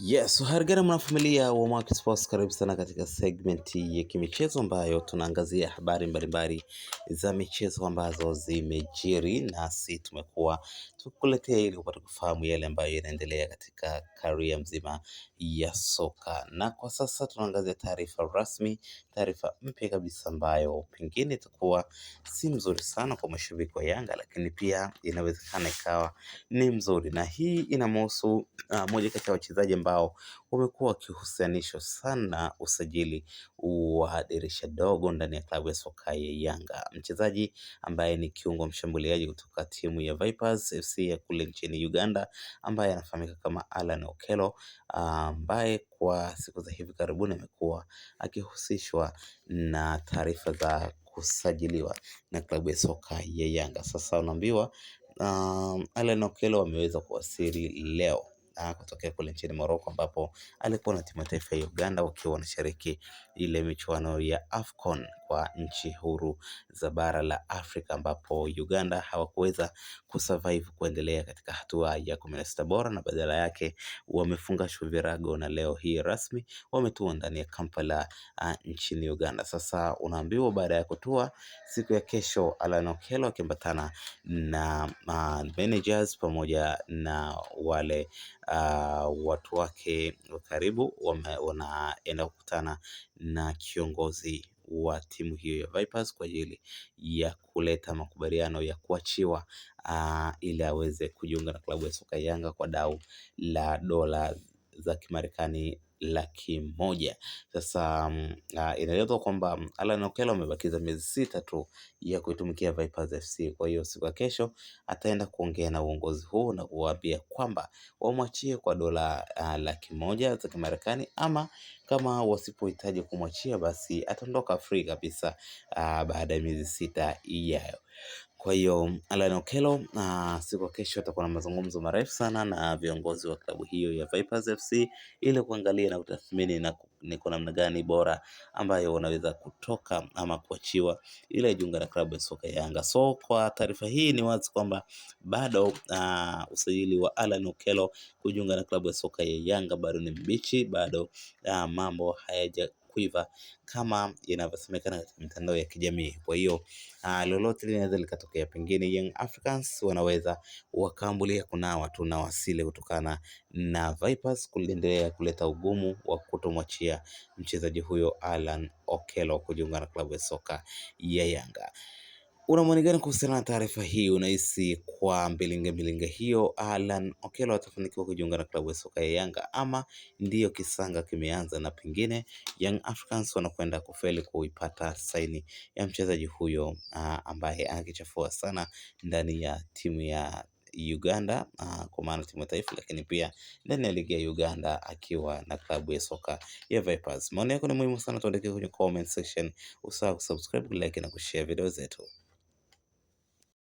Yes, harigana mwanafamilia wa Mwaki Sports, karibu sana katika segmenti ya kimichezo ambayo tunaangazia habari mbalimbali za michezo ambazo zimejiri, nasi tumekuwa tukuletea ili upate kufahamu yale ambayo yanaendelea katika karia mzima ya soka, na kwa sasa tunaangazia taarifa rasmi, taarifa mpya kabisa ambayo pengine itakuwa si mzuri sana kwa mashabiki wa Yanga, lakini pia inawezekana ikawa ni mzuri, na hii inamhusu uh, ah, moja kati ya wachezaji ambao wamekuwa wakihusianishwa sana usajili wa dirisha dogo ndani ya klabu ya soka ya Yanga. Mchezaji ambaye ni kiungo mshambuliaji kutoka timu ya Vipers FC ya kule nchini Uganda ambaye anafahamika kama Alan Okello ambaye kwa siku za hivi karibuni amekuwa akihusishwa na taarifa za kusajiliwa na klabu ya soka ya Yanga. Sasa unaambiwa um, Alan Okello ameweza kuwasili leo Ah, kutokea kule nchini Morocco ambapo alikuwa na timu ya taifa ya Uganda wakiwa wanashiriki ile michuano ya AFCON kwa nchi huru za bara la Afrika ambapo Uganda hawakuweza kusurvive kuendelea katika hatua ya kumi na sita bora na badala yake wamefunga virago na leo hii rasmi wametua ndani ya Kampala nchini Uganda. Sasa unaambiwa baada ya kutua siku ya kesho, Alan Okello akiambatana na a, managers pamoja na wale a, watu wake wa karibu wanaenda kukutana na kiongozi wa timu hiyo ya Vipers kwa ajili ya kuleta makubaliano ya kuachiwa uh, ili aweze kujiunga na klabu ya soka Yanga kwa dau la dola za Kimarekani laki moja. Sasa uh, inaelezwa kwamba mm, Alan Okello amebakiza miezi sita tu ya kuitumikia Vipers FC. Kwa hiyo siku ya kesho ataenda kuongea na uongozi huu na kuwaambia kwamba wamwachie kwa dola uh, laki moja za Kimarekani, ama kama wasipohitaji kumwachia basi ataondoka free kabisa uh, baada ya miezi sita ijayo. Kwa hiyo mm, Alan Okello uh, siku ya kesho atakuwa na mazungumzo marefu sana na viongozi wa klabu hiyo ya Vipers FC ili kuangalia kuangalia na kutathmini na ni kwa namna gani bora ambayo wanaweza kutoka ama kuachiwa ile jiunga la klabu ya soka ya Yanga. So kwa taarifa hii ni wazi kwamba bado uh, usajili wa Alan Okello kujiunga na klabu ya soka ya Yanga bado ni mbichi, bado uh, mambo hayaja kuiva kama inavyosemekana katika mitandao ya kijamii. Kwa hiyo ah, lolote linaweza likatokea, pengine Young Africans wanaweza wakaambulia kunawa tu na wasile kutokana na Vipers kuendelea kuleta ugumu wa kutomwachia mchezaji huyo alan Okello kujiunga na klabu ya soka ya Yanga una maoni gani kuhusiana na taarifa hii? Unahisi kwa mbilinga mbilinga hiyo Alan Okello atafanikiwa kujiunga na klabu ya soka ya Yanga ama ndiyo kisanga kimeanza na pengine Young Africans wanakwenda kufeli kuipata saini ya mchezaji huyo uh, ambaye anakichafua sana ndani ya timu ya Uganda uh, kwa maana timu taifa, lakini pia ndani ya ligi ya Uganda akiwa na klabu ya soka ya Vipers. Maoni yako ni muhimu sana, tuandikie kwenye comment section, usahau kusubscribe, like na kushare video zetu.